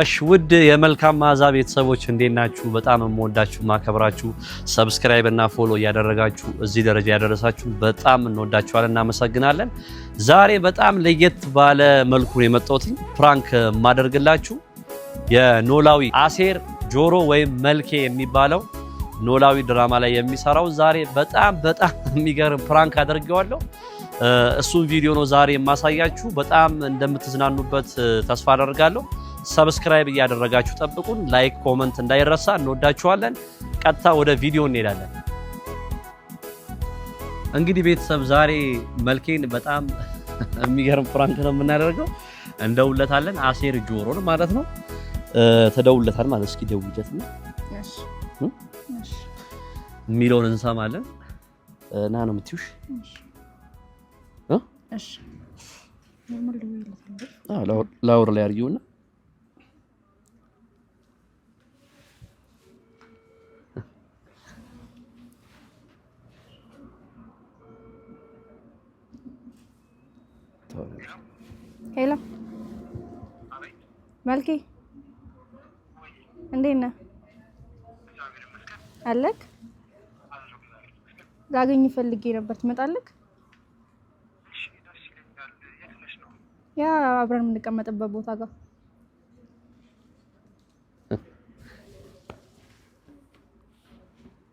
እሽ ውድ የመልካም መዓዛ ቤተሰቦች እንዴት ናችሁ? በጣም የምወዳችሁ ማከብራችሁ፣ ሰብስክራይብ እና ፎሎ እያደረጋችሁ እዚህ ደረጃ ያደረሳችሁ በጣም እንወዳችኋለን፣ እናመሰግናለን። ዛሬ በጣም ለየት ባለ መልኩ ነው የመጣሁት። ፕራንክ የማደርግላችሁ የኖላዊ አሴር ጆሮ ወይም መልኬ የሚባለው ኖላዊ ድራማ ላይ የሚሰራው ዛሬ በጣም በጣም የሚገርም ፕራንክ አደርገዋለሁ። እሱን ቪዲዮ ነው ዛሬ የማሳያችሁ። በጣም እንደምትዝናኑበት ተስፋ አደርጋለሁ። ሰብስክራይብ እያደረጋችሁ ጠብቁን። ላይክ፣ ኮመንት እንዳይረሳ። እንወዳችኋለን። ቀጥታ ወደ ቪዲዮ እንሄዳለን። እንግዲህ ቤተሰብ ዛሬ መልኬን በጣም የሚገርም ፍራንክ ነው የምናደርገው። እንደውለታለን። አሴር ጆሮን ማለት ነው ተደውለታል ማለት እስኪ ደውጀት ነው የሚለውን እንሰማለን። ና ነው የምትዩሽ ላውር ላይ አርጊውና ሄሎ መልኬ እንዴት ነህ? አለክ ላገኝ ፈልጌ ነበር። ትመጣለክ? ያ አብረን የምንቀመጥበት ቦታ ጋር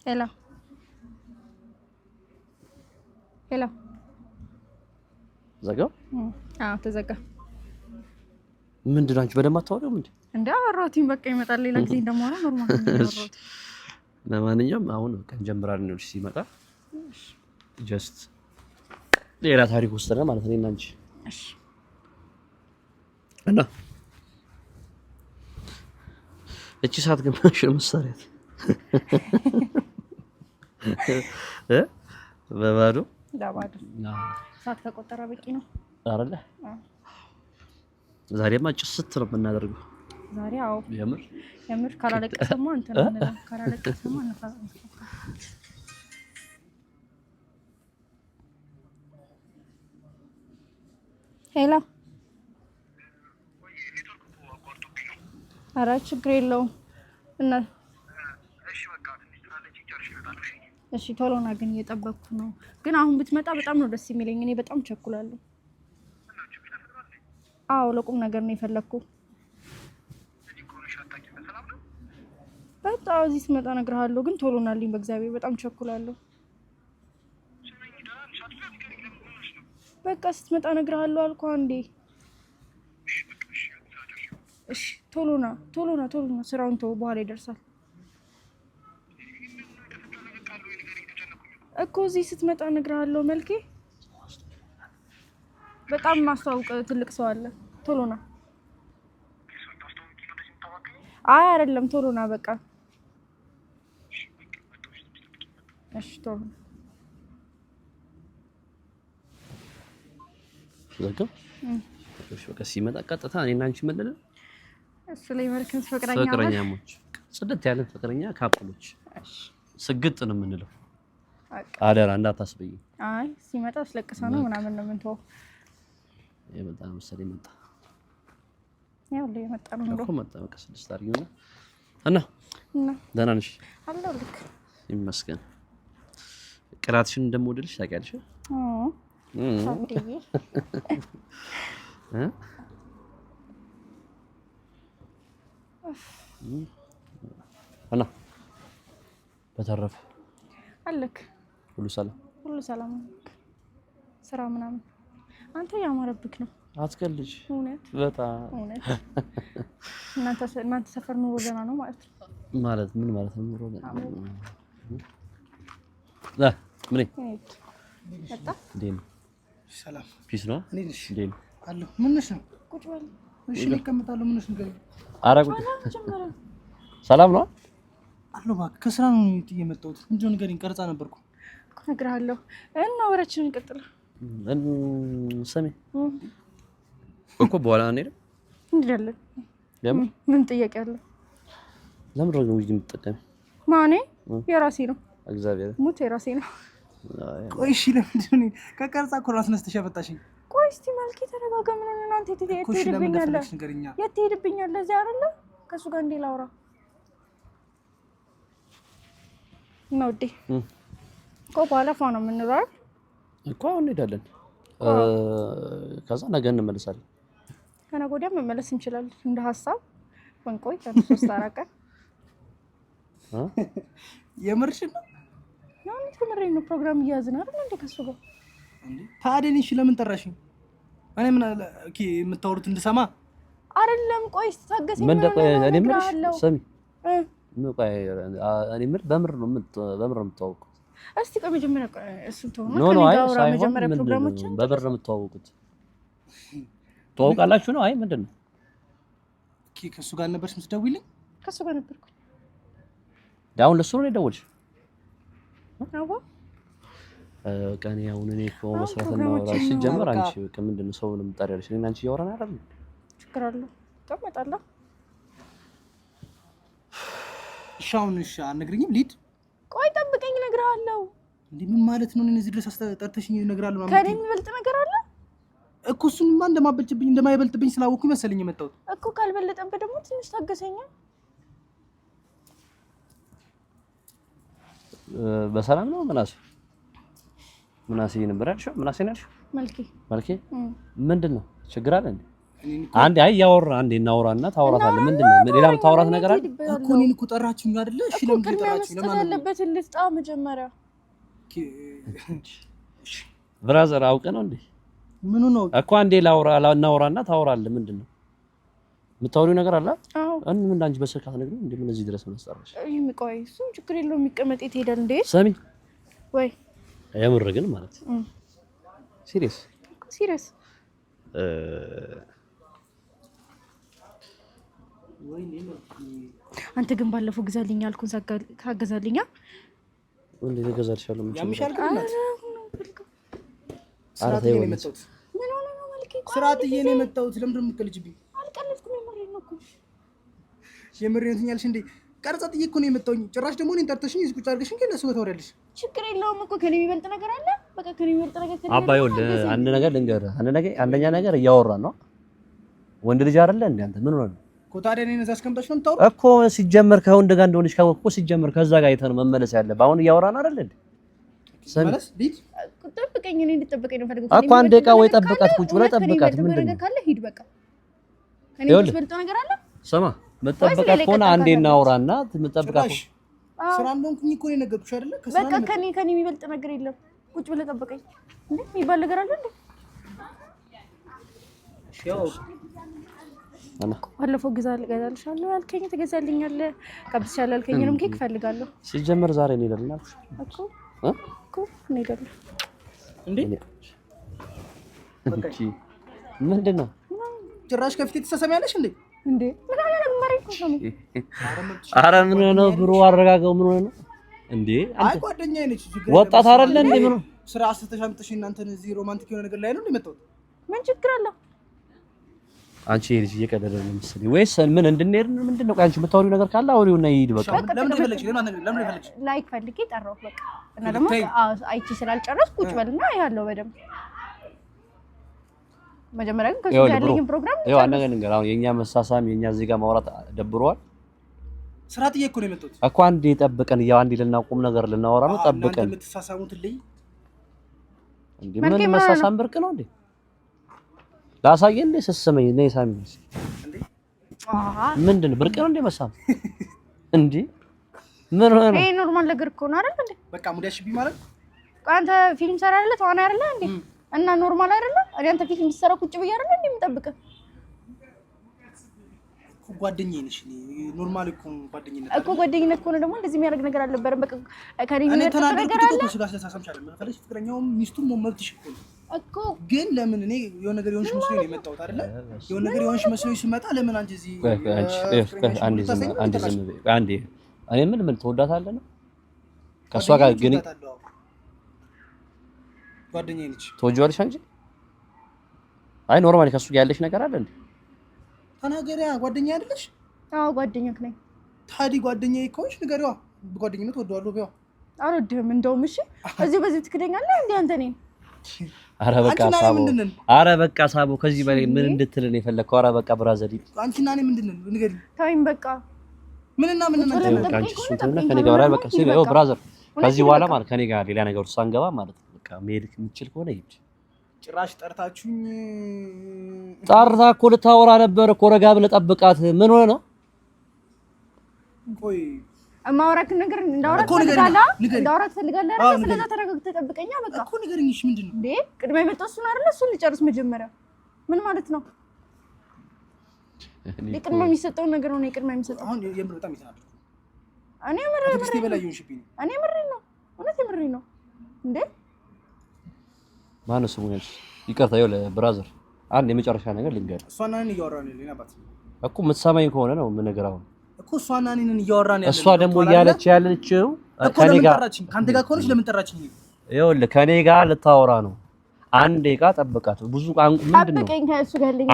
ሄሎ ሄሎ ዘጋ። አዎ ተዘጋ። ምንድን ነው አንቺ በደንብ አታወሪውም እንዴ? እንደ አወራሁትኝ በቃ ይመጣል ሌላ ጊዜ እንደማወራ ኖርማል ለማንኛውም አሁን በቃ እንጀምራለን። ነው ሲመጣ ጀስት ሌላ ታሪክ ውስጥ ነው ማለት ነው እና እና እቺ ሰዓት ግን ማሽን መሳሪያት እ በባዶ ሰዓት ከቆጠረ በቂ ነው አይደለ? ዛሬማ ጭስት ነው የምናደርገው። ዛሬ አዎ፣ የምር የምር ካላለቀሰማ እንትን ነው ካላለቀሰማ ሄሎ፣ ኧረ ችግር የለውም እና እሺ፣ ቶሎ ና ግን እየጠበቅኩ ነው። ግን አሁን ብትመጣ በጣም ነው ደስ የሚለኝ። እኔ በጣም ቸኩላለሁ። አዎ ለቁም ነገር ነው የፈለግኩ። በጣም እዚህ ስመጣ እነግርሃለሁ፣ ግን ቶሎ ናልኝ። በእግዚአብሔር በጣም ቸኩላለሁ። በቃ ስትመጣ እነግርሃለሁ አልኳህ እንዴ። እሺ ቶሎ ና፣ ቶሎ ና፣ ቶሎ ና። ስራውን ተው፣ በኋላ ይደርሳል እኮ። እዚህ ስትመጣ እነግርሃለሁ መልኬ በጣም ማስተዋውቅ ትልቅ ሰው አለ። ቶሎ ና። አይ አይደለም፣ ቶሎ ና በቃ። እሺ ቶሎ በቃ ሲመጣ ቀጥታ እኔና አንቺ መለለ እሱ ላይ መልክም ፍቅረኛሞች፣ ጽድት ያለን ፍቅረኛ ካፕሎች ስግጥ ነው የምንለው። አደራ እንዳታስበይ። አይ ሲመጣ አስለቅሰ ነው ምናምን ነው የምንተወው የመጣ መሰለኝ መጣ ያው የመጣ ነው እኮ ይመስገን። ቅራትሽን እንደምወድልሽ ታውቂያለሽ። እና በተረፈ አለክ ሁሉ ሰላም፣ ሁሉ ሰላም፣ ስራ ምናምን አንተ ያማረብክ ነው። አትቀልጅ። እውነት በጣም እውነት። እናንተ ሰፈር ኑሮ ገና ነው ማለት ነው። ማለት ምን ማለት ነው? ኑሮ ገና ምን ፒስ ነው። ሰላም ነው አሎ እባክህ ከስራ ነው የመጣሁት። እንጆ ንገሪኝ። ቀርጻ ነበርኩ እኮ እነግርሃለሁ እና ወራችንን እንቀጥል ስሜ እኮ በኋላ አንሄድም። እንሄዳለን። ለምን? ምን ጥያቄ አለ? ለምን ረግ ዊግ የምትጠቀሚ? ማኔ የራሴ ነው። እግዚአብሔር ሙት የራሴ ነው። ቆይ እሺ፣ ለምንድን ነው ከቀርጻ እኮ እራስ ነስተሽ ያመጣሽኝ? ቆይ እስኪ መልኬ ተረጋጋ። ምን ሆነህ ነው አንተ? የት ትሄድብኛለህ? የት ትሄድብኛለህ? እዚህ አይደለም ከእሱ ጋር እንዴ ላውራ እና ውዴ እኮ በኋላ ፋ ነው የምንለው አይደል እኮ አሁን እንሄዳለን። ከዛ ነገ እንመለሳለን። ከነገ ወዲያ መመለስ እንችላለን። እንደ ሀሳብ ብንቆይ ሶስት አራት ቀን የምርሽን ነው? ነው ተመረኝ ነው ፕሮግራም እያያዝን አይደል እንዴ? ከሱ ጋር ታዲያ እሺ፣ ለምን ጠራሽኝ? እኔ ምን አለ ኦኬ፣ የምታወሩት እንድሰማ አይደለም። ቆይ ታገሰኝ። ምን ደቆይ እኔ ምን ሰሚ ምን ቆይ እኔ ምን በምር ነው ምን በምር ነው የምታወቀው እስቲ ቆይ መጀመሪያ እሱን ተው። ኖ ኖ፣ አይ ሳይሆን ምንድን ነው በብር ነው የምትዋወቁት? ተዋውቃላችሁ ነው? አይ ምንድን ነው ኪ ከእሱ ጋር ነበርሽ የምትደውይልኝ? ከእሱ ጋር ነበርኩ። አሁን ለእሱ ነው የደወልሽ? አዎ። ቀን ያሁን እኔ እኮ መስራት እና እራሱ ሲጀመር አንቺ በቃ ምንድን ነው ሰው ነው የምትጠሪያለሽ? እኔ አንቺ እያወራን አይደል? ችግር አለው። ትቀመጣለህ። እሺ፣ አሁን እሺ፣ አትነግሪኝም ሊድ እነግርሃለሁ። እንዴ ምን ማለት ነው? እዚህ ድረስ ጠርተሽኝ እነግርሃለሁ ከእኔ የሚበልጥ ነገር አለ እኮ። እሱንማ እንደማበልጥብኝ እንደማይበልጥብኝ የመጣሁት እኮ። ካልበለጠብህ ደግሞ ትንሽ ታገሰኛ። በሰላም ነው ምናሴ? ምናሴ ነበር ያልሽው? ምናሴ ነው ያልሽው? መልኬ። መልኬ ምንድን ነው ችግር አለ እንዴ? አንዴ አይ ያወራ አንዴ እናወራና ታወራታለህ። ምንድን ነው ሌላ የምታወራት ነገር አለ እኮ። እኔን እኮ ጠራችሁኝ አይደለ? እሺ፣ ለምን ጠራችሁኝ? ለማን ያለበት ልፍጣ መጀመሪያ ብራዘር፣ አውቀ ነው እንዴ? ምኑ ነው እኮ። አንዴ ላውራ እናወራና ታወራለህ። ምንድን ነው የምታወሪው ነገር አለ? አዎ። እን ምን አንቺ በስልክ አትነግሪኝ እንዴ? ምን እዚህ ድረስ ምን አስጠራሽ? ይሄም ቆይ፣ እሱም ችግር የለውም የሚቀመጥ የት ሄዳል እንዴ? ሰሚ ወይ የምር ግን ማለት ሲሪየስ ሲሪየስ አንተ ግን ባለፈው ግዛልኝ ያልኩን ካገዛልኛ እንዴት እገዛልሻለሁ? ስራት እየኔ የመጣሁት ለምንድን የምትቀልጅብኝ? የምሬን ትኛለሽ እንዴ? ቀርጸት እኮ ነው የመጣሁኝ። ጭራሽ ደግሞ እኔን ጠርተሽኝ እዚህ ቁጭ አድርገሽ እንጂ ጋር ታወሪያለሽ። ችግር የለውም እኮ ከኔ የሚበልጥ ነገር አለ። በቃ ከኔ የሚበልጥ ነገር አባዬ፣ አንድ ነገር ልንገርህ። አንደኛ ነገር እያወራን ነው። ወንድ ልጅ አይደለ እንዴ አንተ ምን ሆነህ ነው ታዲያ እኔን እኮ ሲጀመር ከወንድ ጋር እንደሆነች ካወቅ እኮ ሲጀመር ከዛ ጋር አይተህ መመለስ እያወራን እንዴ? ጠብቀኝ፣ እኔ እንድጠብቀኝ ነው እኮ አንድ ደቂቃ ወይ ጠብቃት፣ ቁጭ ብለህ ጠብቃት። ምንድን ነው ሂድ፣ በቃ እኔ ነገር አለ። ስማ፣ ከሆነ አንዴ እናውራና ስራ እንደሆንኩኝ እኮ ነው የነገርኩሽ አይደለ? በቃ ከኔ ከኔ የሚበልጥ ነገር የለም። ቁጭ ብለህ ጠብቀኝ። እንዴ የሚባል ነገር አለ እንዴ? ባለፈው ግዛ ልገዛልሻለሁ ያልከኝ ትገዛልኛለህ። ቀብስሻለሁ ያልከኝንም ኬክ እፈልጋለሁ። ሲጀመር ዛሬ እንሄዳለን አልኩሽ እኮ እንሄዳለን። ምንድን ነው ጭራሽ ከፊት የተሳሰሚያለሽ እንዴ? እንዴ አረ ምን ሆነ ብሩ አረጋገው ምን ሆነ እንዴ? አይ ጓደኛዬ ነች ወጣት አይደለ እንዴ? ምን ስራ አስተሻምጥሽ እናንተን እዚህ ሮማንቲክ የሆነ ነገር ላይ ነው የመጣሁት። ምን ችግር አለው? አንቺ ልጅ እየቀደደ ነው መሰለኝ። ወይስ ምን እንድንሄድ ምንድን ነው? ቆይ አንቺ የምታወሪው ነገር ካለ አውሪውና ይሂድ። በቃ ለምን ይፈልግሽ? ለምን ይፈልግሽ? ላይክ ፈልጌ ጠራሁት። በቃ እና ደግሞ አይቺ ስላልጨረስኩ ቁጭ በልና ያለው በደምብ መጀመሪያ ግን ከዚህ ጋር ያለኝን ፕሮግራም ያው አንድ ነገር አሁን የእኛ መሳሳም የእኛ እዚህ ጋር ማውራት ደብረዋል። ስራትዬ እኮ ነው የመጡት እኮ አንዴ ጠብቀን፣ ያው አንዴ ልናቁም ነገር ልናወራ ነው። ጠብቀን የምትሳሳሙት ልይ እንዴ ምን መሳሳም ብርቅ ነው እንዴ? ላሳየህ እንደ ስስመኝ እኔ ሳሚ ምንድን ነው ብርቅ ነው እንደ መሳም ምን ሆነ? ይሄ ኖርማል ነገር እኮ ነው አይደል እንዴ? በቃ ሙዳሽ ቢ ማለት አንተ ፊልም ሰራ አይደለ? ተዋና አይደለ እንዴ? እና ኖርማል አይደለ? እኔ አንተ ፊልም እንድትሰራ ቁጭ ብዬ አይደለ እንዴ የምጠብቅህ? ጓደኛዬ ነሽ። ኖርማል እኮ ጓደኝነት እኮ ጓደኝነት ከሆነ ደግሞ እንደዚህ የሚያደርግ ነገር አልነበረም። በቃ ከኔ ነገር አለ። እኔ ተናገርኩት እኮ ፍቅረኛውም ሚስቱም መብትሽ እኮ ነው እኮ ግን ለምን እኔ የሆነ ነገር የሆንሽ መስሎ ነው የመጣሁት አይደለ? የሆነ ነገር የሆንሽ መስሎ ስመጣ ለምን አንቺ እዚህ አንዴ እኔ ምን ምን ትወዳታለህ ነው ከእሷ ጋር ግን ጓደኛዬ ነች ትወጂዋለሽ አንቺ? አይ ኖርማሊ ከእሱ ጋር ያለሽ ነገር አለ እንዴ? ተናገሪያ። ጓደኛ አይደለሽ? አዎ ጓደኛክ ነኝ። ታዲያ ጓደኛዬ ከሆንሽ ንገሪዋ። ጓደኝነት ወደዋለሁ ቢዋ አልወድህም እንደውም። እሺ እዚሁ በዚህ ትክደኛለህ እንዴ አንተ እኔን አረ በቃ ሳቦ፣ አረ በቃ ሳቦ፣ ከዚህ በላይ ምን እንድትልን የፈለከው? አረ በቃ ብራዘር፣ አንቺና እኔ ምንድነው ንገሪ። ብራዘር፣ ከዚህ በኋላ ማለት ከኔ ጋር ሌላ ነገር ውስጥ ሳንገባ ማለት ነው። በቃ መሄድ የምችል ከሆነ ሂድ። ጭራሽ ጠርታችሁኝ። ጠርታ እኮ ልታወራ ነበር እኮ ረጋ ብለህ ጠብቃት። ምን ሆነ ነው? ቆይ ማውራክ ነገር እንዳወራህ ትፈልጋለህ ስለዛ ተረጋግ ተጠብቀኛ። በቃ እኮ ንገረኝ። ምንድን ነው እንዴ? ቅድመ የመጣው እሱን አይደለ? እሱን ልጨርስ መጀመሪያ። ምን ማለት ነው? ቅድመ የሚሰጠውን ነገር ነው ቅድመ የሚሰጠው። አሁን የምር በጣም እኔ የምር ነው እውነት የምር ነው እንዴ። ማነው ስሙ ይቅርታ ይኸው ብራዘር፣ አንድ የመጨረሻ ነገር ልንገርህ። እሷና እኔ እኮ የምትሰማኝ ከሆነ ነው ምን ነገር አሁን እኮ እሷና እኔ ነን እያወራን ያለ። እሷ ደግሞ እያለች ያለችው ከኔ ጋር ከአንተ ጋር ከሆነች ለምን ጠራችኝ? ይኸውልህ ከኔ ጋር ልታወራ ነው። አንድ ደቂቃ ጠብቃት። ብዙ ምንድን ነው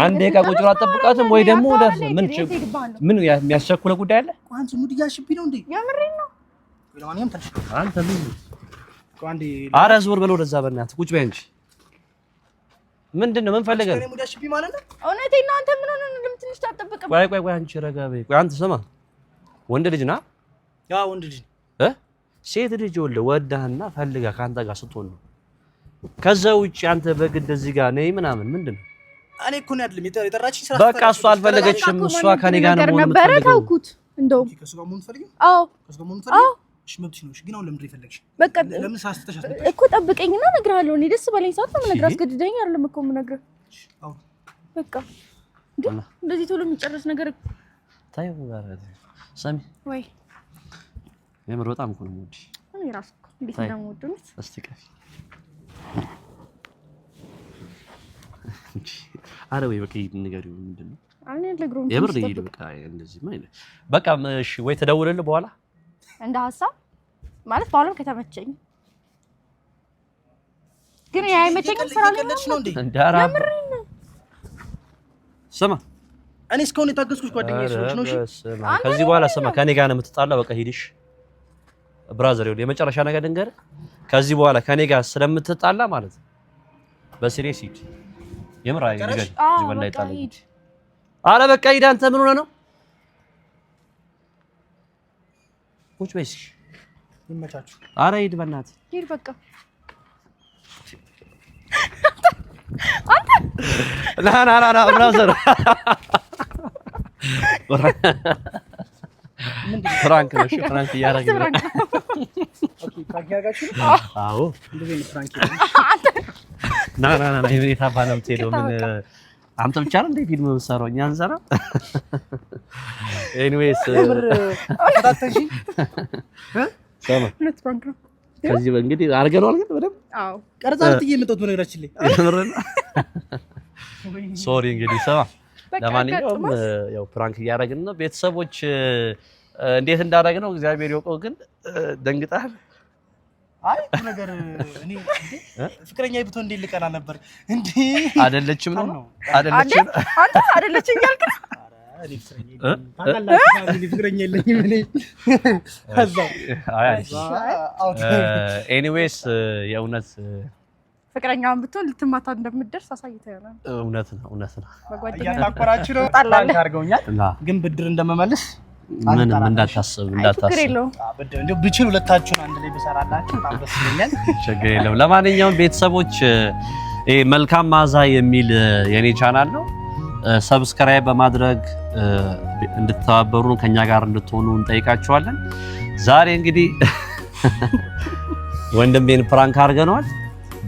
አንድ ደቂቃ ቁጭ ብላ አጠብቃትም ወይ ደግሞ ምን ምን የሚያስቸኩለ ጉዳይ አለ? አንቺ ሙድ እያሽብኝ ነው እንዴ? የምሬን ነው። አንተ ምን ኧረ ዞር በለው ወደዛ፣ በእናትህ ቁጭ በይ እንጂ ምንድን ነው? ምን ፈልገህ ነው? እውነቴን ነው። አንተ ምን ሆነህ ነው? ትንሽ ታጠብቅም? ቆይ ቆይ ቆይ፣ አንቺ ረጋ በይ። ቆይ አንተ ስማ ወንድ ልጅ ና ወንድ ልጅ እ ሴት ልጅ ወለ ወዳህና ፈልጋ ከአንተ ጋር ስትሆን ነው። ከዛ ውጭ አንተ በግድ እዚህ ጋር ነይ ምናምን ምንድን ነው? እኔ እኮ ነው አይደለም የጠራችኝ። ስራ በቃ እሷ አልፈለገችም። እሷ ከኔ ጋር ነው መሆን ነበረ ታውኩት። እንደውም ከእሱ ጋር መሆን ፈልገሽ? አዎ ከእሱ ጋር መሆን ፈልገሽ? እሺ መብትሽ ነው። እሺ ግን አሁን ለምንድን ነው በቃ ለምን ሳስተሽ አስተሽ እኮ ጠብቀኝና እነግርሃለሁ። እኔ ደስ ባለኝ ሰዓት ነው የምነግርህ። አስገድደኸኝ አይደለም እኮ የምነግርህ። በቃ እንደዚህ ቶሎ የሚጨርስ ነገር ታይ ጋር ሰሚ ወይ የምር በጣም እኮ ነው የምወድሽ። እኔ ራሱ እኮ እንዴት እንደምወደው ነው። እስቲ ቀፊ አረ ወይ በቃ ይሄድ ንገሪው። ምንድን ነው የምር ይሄድ በቃ እንደዚህ ማለት በቃ እሺ ወይ ተደውልልህ በኋላ እንደ ሀሳብ ማለት ባሉን ከተመቸኝ ግን ያ አይመቸኝም ስራ ነው እንዴ? ስማ እኔ እስካሁን የታገስኩሽ ጓደኛዬ ሰዎች ነው። እሺ ከዚህ በኋላ ስማ፣ ከኔ ጋር ነው የምትጣላው። በቃ ሂድሽ ብራዘር። ይኸውልህ የመጨረሻ ነገር ልንገርህ፣ ከዚህ በኋላ ከኔ ጋር ስለምትጣላ ማለት ነው በሲሪየስ ሂድ። የምር አይ ነገር ይበላ ይጣላ። አረ በቃ ሂድ። አንተ ምን ሆነህ ነው? ቁጭ በይ እስኪ ይመቻችሁ። አረ ሂድ፣ በእናትህ ሂድ። በቃ አንተ ና ና ና ብራዘር ፍራንክ ነው። ፍራንክ እያደረገ ነው። አዎ ባለም ትሄደው ምን አንተ ብቻ ነው እንደ ፊልም የምትሰራው እኛ እንሰራ። ኤኒዌይስ ከዚህ እንግዲህ አድርገነው አድርገን በደምብ ቀረጻ ልትዬ የመጣሁት በነገራችን ላይ ሶሪ እንግዲህ ሰማ ለማንኛውም ያው ፕራንክ እያደረግን ነው። ቤተሰቦች እንዴት እንዳደረግ ነው እግዚአብሔር ግን ደንግጣል። አይ ነገር እኔ ፍቅረኛ ብቶ እንዴት ልቀና ነበር እንዴ? አይደለችም ነው አይደለችም፣ አንተ አይደለችም ኤኒዌይስ የእውነት ፍቅረኛውን ብትሆን ልትማታ እንደምትደርስ አሳይተ ሆነ። እውነት ነው፣ እውነት ነው። እያታኮራችሁ ነው። ጣላለ አድርገውኛል፣ ግን ብድር እንደመመልስ ምንም እንዳታስብ እንዳታስብ። ብችል ሁለታችሁን አንድ ላይ ብሰራላችሁ በጣም ደስ ይለኛል። ችግር የለም። ለማንኛውም ቤተሰቦች መልካም ማዛ የሚል የኔ ቻናል ነው። ሰብስክራይብ በማድረግ እንድትተባበሩን ከኛ ጋር እንድትሆኑ እንጠይቃችኋለን። ዛሬ እንግዲህ ወንድሜን ፕራንክ አድርገነዋል።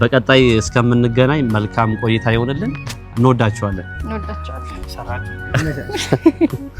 በቀጣይ እስከምንገናኝ መልካም ቆይታ ይሆንልን። እንወዳችኋለን።